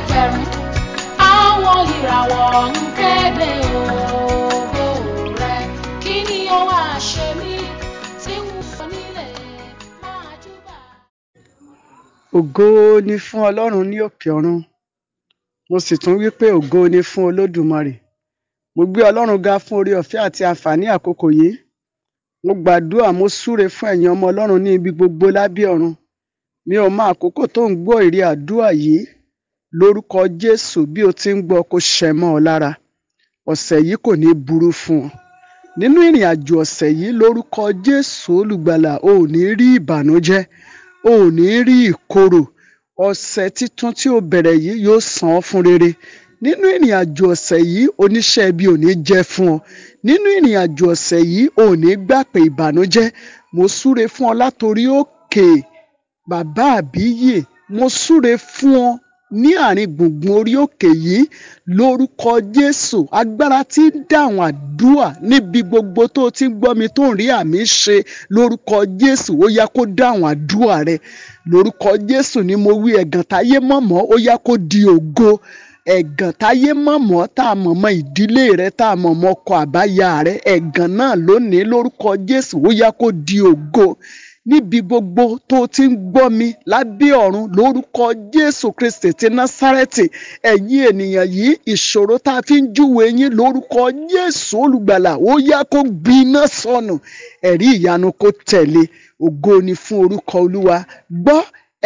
ẹgbẹ̀rún àwọn ìràwọ̀ ń kéde ògo rẹ kí ni ó wá ṣe mí tí n kò nílè máa júbà. ògo ni fún ọlọ́run ní òkè ọ̀run mo sì tún wí pé ògo ni fún olódùmarè mo gbé ọlọ́run ga fún oore ọ̀fẹ́ àti àǹfààní àkókò yìí mo gbàdúrà mo súre fún ẹ̀yin ọmọ ọlọ́run ní ibi gbogbo lábẹ́ ọ̀run mi ò mọ àkókò tó ń gbọ́ èrè àdúrà yìí lórúkọ Jésù bí o ti ń gbọ́ kó ṣẹ mọ́ ọ lára ọ̀sẹ̀ yìí kò ní burú fún ọ nínú ìrìn àjò ọ̀sẹ̀ yìí lórúkọ Jésù olùgbàlà o ò ní rí ìbànújẹ́ o ò ní rí ìkorò ọ̀sẹ̀ tuntun tí o bẹ̀rẹ̀ yìí yóò sàn ọ́ fún rere nínú ìrìn àjò ọ̀sẹ̀ yìí oníṣẹ́ ibi ò ní jẹ́ fún ọ nínú ìrìn àjò ọ̀sẹ̀ yìí ò ní gbà pé ìbànújẹ́ mo súre fún ọ látorí òkè bàbá àbíyè mo súre fún ọ ní àárín gbùngbùn orí òkè yìí lórúkọ Jésù agbára tí ń dáhùn àdúà níbi gbogbo tó ti ń gbọ́ mi tó ń rí àmì ṣe lórúkọ Jésù ó yá kó dáhùn àdúà rẹ lórúkọ Jésù ni mo wí ẹ̀gàn táyé mọ̀mọ́ ó yá kó di ògo ẹ̀gàn táyé mọ̀mọ́ tá a mọ̀mọ́ ìdílé rẹ tá a mọ̀mọ́ ọkọ àbáyá rẹ ẹ̀gàn náà lónìí lórúkọ Jésù ó yá kó di ògo níbi gbogbo tó ti ń gbọ́ mi lábẹ́ ọ̀run lórúkọ Jésù Kristi ti Násárẹ́tì ẹ̀yin ènìyàn yìí ìṣòro tá a fi ń júwe yín lórúkọ Jésù olùgbàlà ó yá kó gbiná sọnù ẹ̀rí ìyanu kó tẹ̀lé ògo ni fún orúkọ Olúwa gbọ́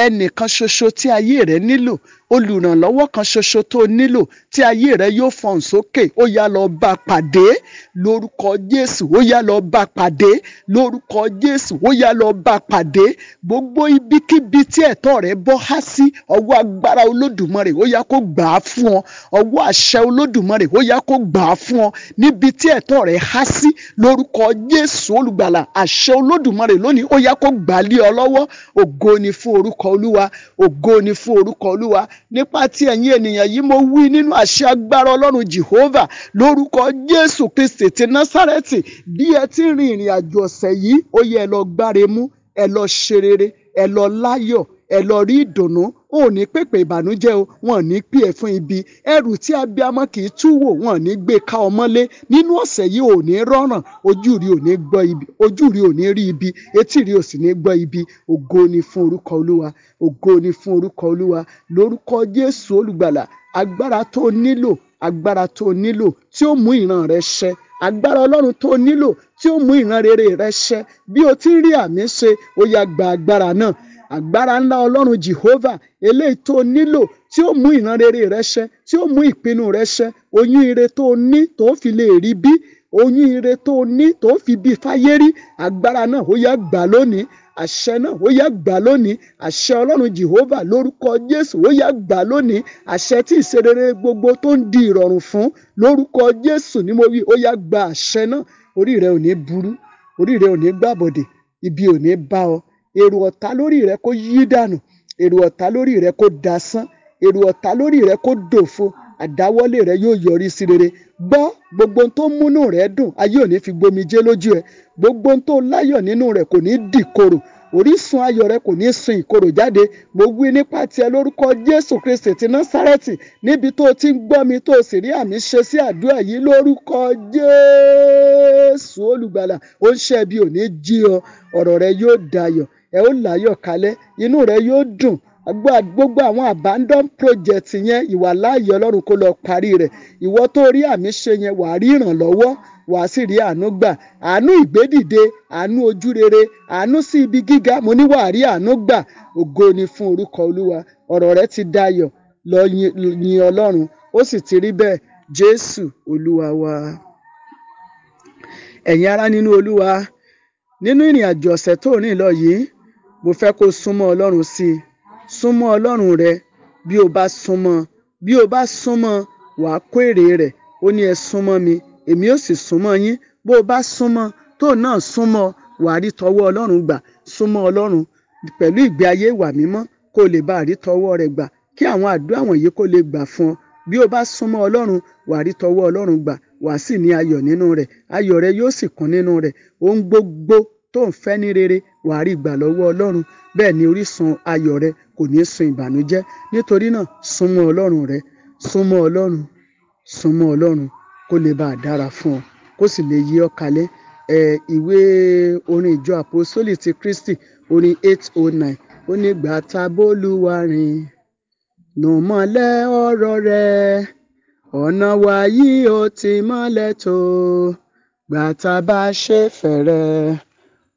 ẹnìkan ṣoṣo tí ayé rẹ nílò olùrànlọ́wọ́ kan ṣoṣo tó nílò tí ayé rẹ yóò fọ̀n sókè ó yá lọ bá pàdé lórúkọ Jésù ó yá lọ bá pàdé lórúkọ Jésù ó yá lọ bá pàdé gbogbo ibikíbi tí ẹ̀tọ́ rẹ bọ́ há sí ọwọ́ agbára Olódùmarè ó yá kó gbà á fún ọ ọwọ́ àṣẹ Olódùmarè ó yá kó gbà á fún ọ níbi tí ẹ̀tọ́ rẹ há sí lórúkọ Jésù olùgbàlà àṣẹ Olódùmarè lónìí ó yá kó gbà á lé ọ lọ́wọ́ ògo ni fún orúkọ Olúwa ògo ni fún orúkọ Olúwa nípa ti ẹ̀yin ènìyàn yìí mo wí nínú àṣẹ agbára ọlọ́run Jehovah lórúkọ Jésù Kristi ti Násárẹ́tì bí ẹ ti rin ìrìn àjò ọ̀sẹ̀ yìí ó yẹ ẹ lọ gbáre mú ẹ lọ ṣe ẹ lọ láyọ̀ ẹ lọ rí ìdùnnú ò ní pèpè ìbànújẹ́ o wọn ò ní pè é fún ibi ẹrù tí abiyamọ kì í tú wò wọn ò ní gbé ká ọmọlé nínú ọ̀sẹ̀ yìí ò ní rọ́ràn ojú rí ò ní gbọ́ ibi ojú rí ò ní rí ibi etí rí ò sì ní gbọ́ ibi ògo ni fún orúkọ olúwa ògo ni fún orúkọ olúwa lórúkọ Jésù olùgbàlà agbára tó nílò agbára tó nílò tí ó mú ìran rẹ ṣẹ agbára ọlọ́run tó nílò tí ó mú ìran rere rẹ ṣẹ bí o ti ń rí àmì ṣe ó yá gba agbára náà agbára ńlá ọlọ́run jehovah eléyìí tó nílò tí ó mú ìran rere rẹ ṣẹ tí ó mú ìpinnu rẹ ṣẹ oyún ire tó ní tó fi lè rí bí oyún ire tó ní tó fi bí fáyé rí agbára náà ó yá gbà lónìí àṣẹ náà ó yá gbà lónìí àṣẹ ọlọ́run jehovah lórúkọ jésù ó yá gbà lónìí àṣẹ tí ìṣerere gbogbo tó ń di ìrọ̀rùn fún lórúkọ jésù ni mo wí ó yá gba àṣẹ náà orí rẹ ò ní burú orí rẹ ò ní gbàbọ̀dè ibi ò ní bá ọ èrò ọ̀tá lórí rẹ kó yí dànù èrò ọ̀tá lórí rẹ kó dasán èrò ọ̀tá lórí rẹ kó dòfo àdáwọ́lé rẹ yóò yọrí sí rere gbọ́ gbogbo ohun tó múnú rẹ dùn ayé ò ní fi gbomijé lójú ẹ gbogbo ohun tó láyọ̀ nínú rẹ kò ní dìkorò orísun ayọ̀ rẹ kò ní sun ìkorò jáde mo wí nípa tiẹ̀ lórúkọ Jésù Kristi ti Násárẹ́tì níbi tó ti ń gbọ́ mi tó sì rí àmì ṣe sí àdúrà yìí lórúkọ Jésù olùgbàlà ó ń ṣe bí ò ní jí ọ ọ̀rọ̀ rẹ yóò dayọ̀ ẹ ó láyọ̀ kalẹ́ inú rẹ yóò dùn gbogbo àwọn abandon project yẹn ìwà láàyè ọlọ́run kó lọ parí rẹ̀ ìwọ tó rí àmì ṣe yẹn wàá rí ìrànlọ́wọ́ wàá sì rí àánú gbà àánú ìgbédìde àánú ojú rere àánú sí ibi gíga mo ní wàá rí àánú gbà ògo ni fún orúkọ olúwa ọ̀rọ̀ rẹ ti dayọ̀ lọ yin ọlọ́run ó sì ti rí bẹ́ẹ̀ jésù olúwa wa ẹ̀yin ará nínú olúwa nínú ìrìn àjò ọ̀sẹ̀ tó rìn lọ yìí mo fẹ́ kó súnmọ́ ọlọ́run sí i súnmọ́ ọlọ́run rẹ bí o bá súnmọ́ bí o bá súnmọ́ wàá kó èrè rẹ̀ ó ní ẹ súnmọ́ mi èmi ó sì súnmọ́ yín bó o bá súnmọ́ tó náà súnmọ́ wàá rí tọwọ́ ọlọ́run gbà súnmọ́ ọlọ́run pẹ̀lú ìgbé ayé ìwà mímọ́ kó o lè bá rí tọwọ́ rẹ̀ gbà kí àwọn àdúrà wọ̀nyí kó lè gbà fún ọ bí o bá súnmọ́ ọlọ́run wàá rí tọwọ́ ọlọ́run gbà wàá sì ní ayọ̀ nínú rẹ̀ ayọ̀ rẹ yóò sì kún nínú rẹ̀ ohun gbogbo tó ń fẹ́ ní rere wàá rí gbà lọ́wọ́ ọlọ́run bẹ́ẹ̀ ni orísun ayọ̀ rẹ kò ní sun ìbànújẹ́ nítorí náà súnmọ́ ọlọ́run rẹ súnmọ́ ọlọ́run súnmọ́ ọlọ́run kó lè bá a dára fún ọ kó sì lè yí ọ ẹ ìwé orin ìjọ àpòsólì ti kristi orin eight oh nine ó ní gbàtà bólúwa rìn nù mọ́lẹ̀ ọ̀rọ̀ rẹ ọ̀nà wa yìí ó ti mọ́lẹ̀ tó gbàtà bá ṣe fẹ̀rẹ̀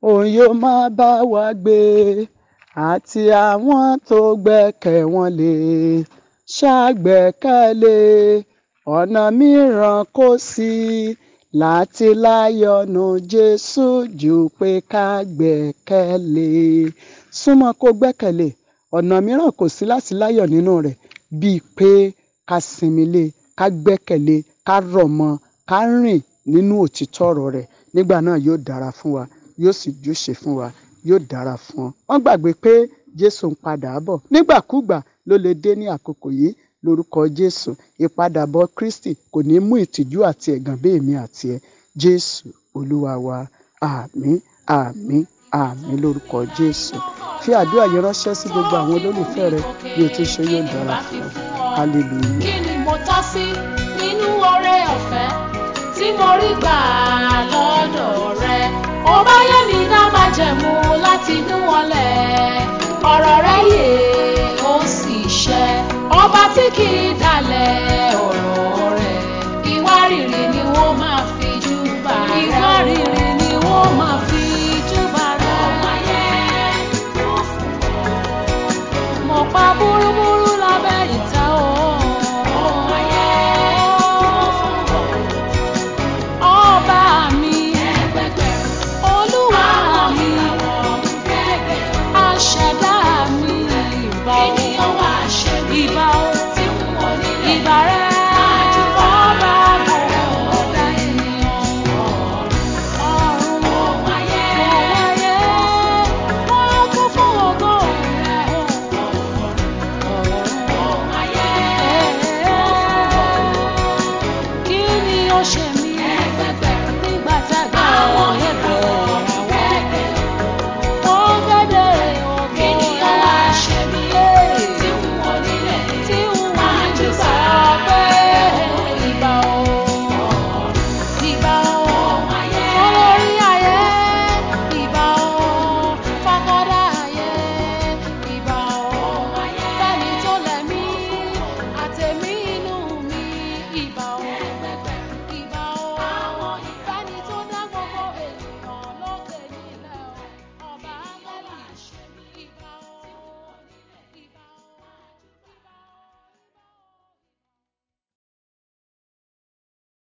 òun yóò máa bá wa gbé àti àwọn tó gbẹ́kẹ̀ wọn lé ṣàgbẹ́kẹ̀lé ọ̀nà mìíràn kò sí láti láyọ̀nù Jésù ju pé ká gbẹ́kẹ̀lé súnmọ́ kó gbẹ́kẹ̀lé ọ̀nà mìíràn kò sí láti láyọ̀ nínú rẹ̀ bíi pé ká sinmi lé ká gbẹ́kẹ̀lé ká rọ̀ mọ́ ká rìn nínú òtítọ́ ọ̀rọ̀ rẹ̀ nígbà náà yóò dára fún wa yóò sì júṣe fún wa yóò dára fún ọ wọn gbàgbé pé jésù ń padà bọ̀ nígbàkúùgbà ló lè dé ní àkókò yìí lórúkọ jésù ìpadàbọ̀ kristi kò ní mú ìtìjú àti ẹ̀gàn bí èmi àti ẹ jésù olúwa wa àmín àmín àmín lórúkọ jésù fi àdúrà yìí ránṣẹ́ sí gbogbo àwọn olólùfẹ́ rẹ bí o ti ṣe yóò dára fún ọ hallelujah. kí ni mo tọ́ sí nínú oore ọ̀fẹ́ tí mo rí gbà lọ́dọ̀ rẹ tó bá yé mi dá májẹ̀mú láti inú ọlẹ̀ ọ̀rọ̀ rẹ yè ó sì ṣẹ ọba tí kì í dalẹ̀ ọ̀rọ̀ rẹ̀ ìwárìrì.